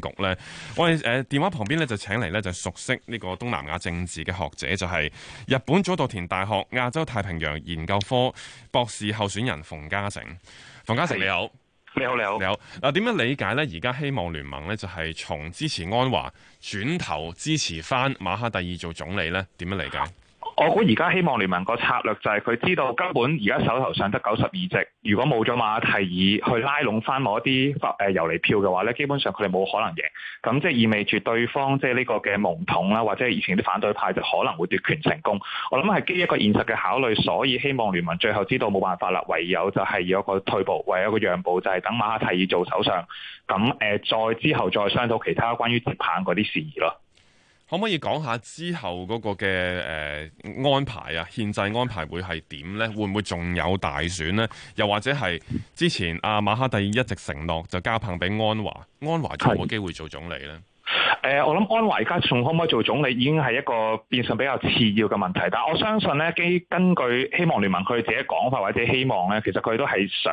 局咧，我哋誒電話旁邊咧就請嚟咧就熟悉呢個東南亞政治嘅學者，就係日本早稻田大學亞洲太平洋研究科博士候選人馮嘉誠，成。馮嘉誠你好，你好，你好你好你好。嗱，點樣理解呢？而家希望聯盟呢，就係從支持安華轉頭支持翻馬哈蒂爾做總理呢？點樣理解？我估而家希望聯盟個策略就係佢知道根本而家手頭上得九十二席，如果冇咗馬哈蒂爾去拉攏翻某一啲誒遊離票嘅話咧，基本上佢哋冇可能贏。咁即係意味住對方即係呢個嘅蒙統啦，或者係以前啲反對派就可能會奪權成功。我諗係基於一個現實嘅考慮，所以希望聯盟最後知道冇辦法啦，唯有就係有一個退步，唯有一個讓步，就係等馬哈蒂爾做首相。咁誒，再之後再商討其他關於接棒嗰啲事宜咯。可唔可以講下之後嗰個嘅誒、呃、安排啊？憲制安排會係點呢？會唔會仲有大選呢？又或者係之前阿、啊、馬哈蒂一直承諾就交棒俾安華，安華仲有冇機會做總理呢？誒、呃，我諗安華而家仲可唔可以做總理，已經係一個變相比較次要嘅問題。但係我相信咧，基根據希望聯盟佢自己講法或者希望咧，其實佢都係想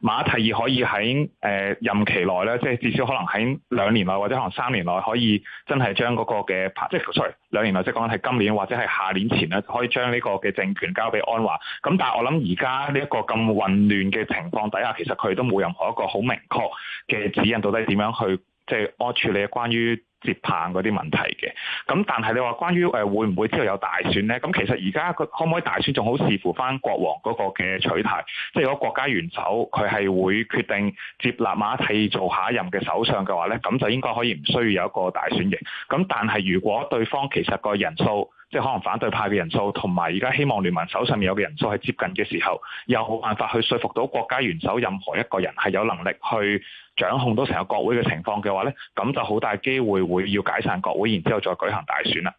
馬哈蒂爾可以喺誒、呃、任期內咧，即係至少可能喺兩年內或者可能三年內可以真係將嗰個嘅派即係 sorry，兩年內即係講緊係今年或者係下年前咧，可以將呢個嘅政權交俾安華。咁但係我諗而家呢一個咁混亂嘅情況底下，其實佢都冇任何一個好明確嘅指引，到底點樣去即係我處理關於。接棒嗰啲問題嘅，咁但係你話關於誒會唔會之後有大選咧？咁其實而家佢可唔可以大選仲好視乎翻國王嗰個嘅取態，即係如果國家元首佢係會決定接納馬替做下一任嘅首相嘅話咧，咁就應該可以唔需要有一個大選嘅。咁但係如果對方其實個人數，即係可能反對派嘅人數同埋而家希望聯盟手上面有嘅人數係接近嘅時候，有冇辦法去說服到國家元首任何一個人係有能力去掌控到成個國會嘅情況嘅話咧，咁就好大機會。會要解散國會，然之後再舉行大選啦。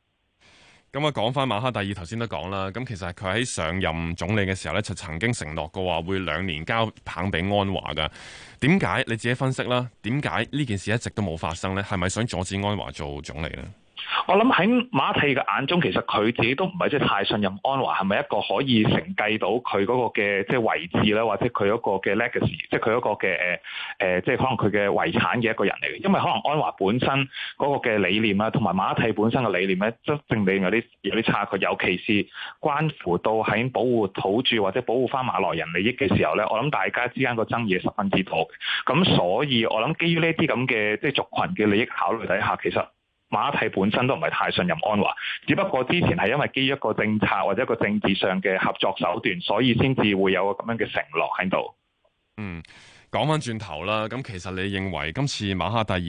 咁啊，講翻馬哈蒂爾頭先都講啦。咁其實佢喺上任總理嘅時候咧，就曾經承諾過話會兩年交棒俾安華噶。點解你自己分析啦？點解呢件事一直都冇發生呢？係咪想阻止安華做總理呢？我諗喺馬哈蒂嘅眼中，其實佢自己都唔係即係太信任安華，係咪一個可以承繼到佢嗰個嘅即係位置咧，或者佢嗰個嘅 legacy，即係佢一個嘅誒誒，即係可能佢嘅遺產嘅一個人嚟嘅。因為可能安華本身嗰個嘅理念啦，同埋馬哈蒂本身嘅理念咧，都正正有啲有啲差距。尤其是關乎到喺保護土著或者保護翻馬來人利益嘅時候咧，我諗大家之間個爭議十分之多嘅。咁所以，我諗基於呢啲咁嘅即係族群嘅利益考慮底下，其實。馬蒂本身都唔係太信任安華，只不過之前係因為基於一個政策或者一個政治上嘅合作手段，所以先至會有個咁樣嘅承諾喺度。嗯，講返轉頭啦，咁其實你認為今次馬哈蒂爾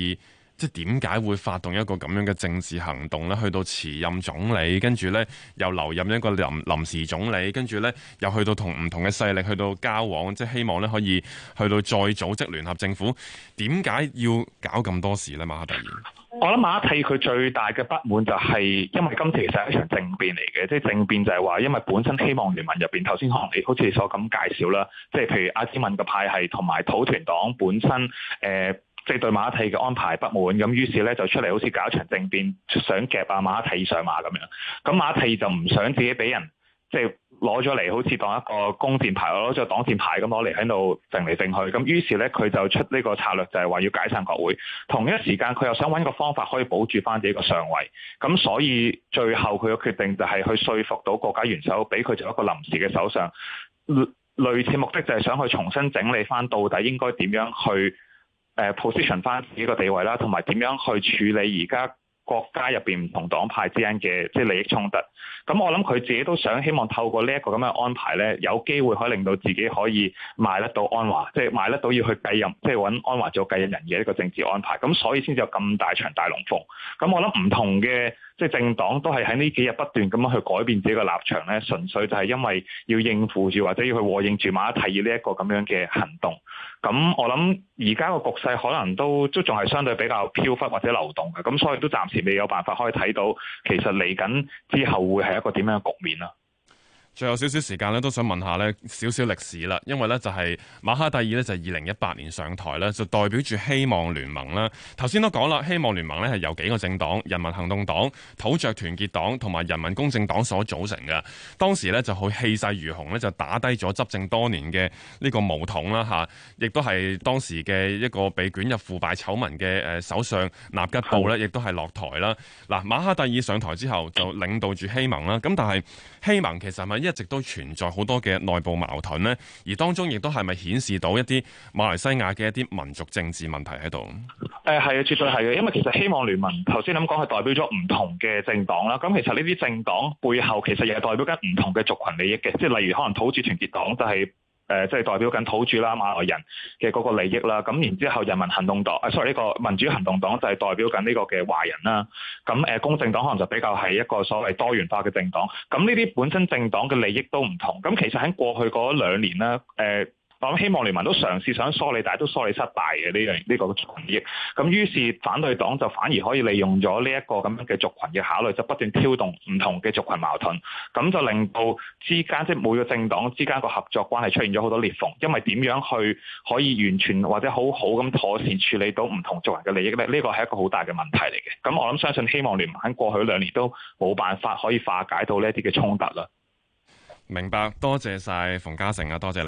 即係點解會發動一個咁樣嘅政治行動呢？去到辭任總理，跟住呢又留任一個臨臨時總理，跟住呢又去到同唔同嘅勢力去到交往，即係希望呢可以去到再組織聯合政府。點解要搞咁多事呢？馬哈蒂爾。我諗馬哈蒂佢最大嘅不滿就係、是，因為今次其實係一場政變嚟嘅，即係政變就係話，因為本身希望聯盟入邊頭先可能你，好似所咁介紹啦，即係譬如阿茲敏嘅派系同埋土團黨本身，誒、呃、即係對馬哈蒂嘅安排不滿，咁於是咧就出嚟好似搞一場政變，想夾啊馬哈蒂上馬咁樣，咁馬哈蒂就唔想自己俾人即係。攞咗嚟好似當一個擋箭牌，攞咗個擋箭牌咁攞嚟喺度掟嚟掟去，咁於是咧佢就出呢個策略就係、是、話要解散國會。同一時間佢又想揾一個方法可以保住翻自己個上位，咁所以最後佢嘅決定就係去說服到國家元首俾佢做一個臨時嘅首相。類似目的就係想去重新整理翻到底應該點樣去誒 position 翻自己個地位啦，同埋點樣去處理而家。國家入邊唔同黨派之間嘅即係利益衝突，咁我諗佢自己都想希望透過呢一個咁嘅安排咧，有機會可以令到自己可以賣得到安華，即係賣得到要去繼任，即係揾安華做繼任人嘅一個政治安排，咁所以先至有咁大場大龍鳳。咁我諗唔同嘅即係政黨都係喺呢幾日不斷咁樣去改變自己嘅立場咧，純粹就係因為要應付住或者要去和應住馬哈蒂爾呢一個咁樣嘅行動。咁我諗而家個局勢可能都都仲係相對比較飄忽或者流動嘅，咁所以都暫時未有辦法可以睇到，其實嚟緊之後會係一個點樣嘅局面啦。最後少少時間咧，都想問下呢少少歷史啦，因為呢就係、係、馬哈蒂爾呢就係二零一八年上台咧，就代表住希望聯盟咧。頭先都講啦，希望聯盟呢係由幾個政黨——人民行動黨、土著團結黨同埋人民公正黨所組成嘅。當時呢就好氣勢如虹呢就打低咗執政多年嘅呢個巫統啦嚇，亦都係當時嘅一個被捲入腐敗醜聞嘅誒首相納吉布呢亦都係落台啦。嗱、啊，馬哈蒂爾上台之後就領導住希盟啦。咁、啊、但係希盟其實係咪？一直都存在好多嘅內部矛盾呢，而當中亦都係咪顯示到一啲馬來西亞嘅一啲民族政治問題喺度？誒係啊、呃，絕對係嘅，因為其實希望聯盟頭先咁講，係代表咗唔同嘅政黨啦。咁其實呢啲政黨背後其實亦係代表緊唔同嘅族群利益嘅，即係例如可能土著團結黨就係、是。誒、呃、即係代表緊土著啦、馬來人嘅嗰個利益啦，咁然之後人民行動黨，誒、啊、sorry 呢個民主行動黨就係代表緊呢個嘅華人啦，咁誒、呃、公正黨可能就比較係一個所謂多元化嘅政黨，咁呢啲本身政黨嘅利益都唔同，咁其實喺過去嗰兩年咧，誒、呃。我諗希望聯盟都嘗試想梳理，但係都梳理失敗嘅呢樣呢個利益。咁於是反對黨就反而可以利用咗呢一個咁樣嘅族群嘅考慮，就不斷挑動唔同嘅族群矛盾。咁就令到之間即係每個政黨之間個合作關係出現咗好多裂縫。因為點樣去可以完全或者好好咁妥善處理到唔同族人嘅利益咧？呢個係一個好大嘅問題嚟嘅。咁我諗相信希望聯盟喺過去兩年都冇辦法可以化解到呢一啲嘅衝突啦。明白，多謝晒馮嘉誠啊，多謝你。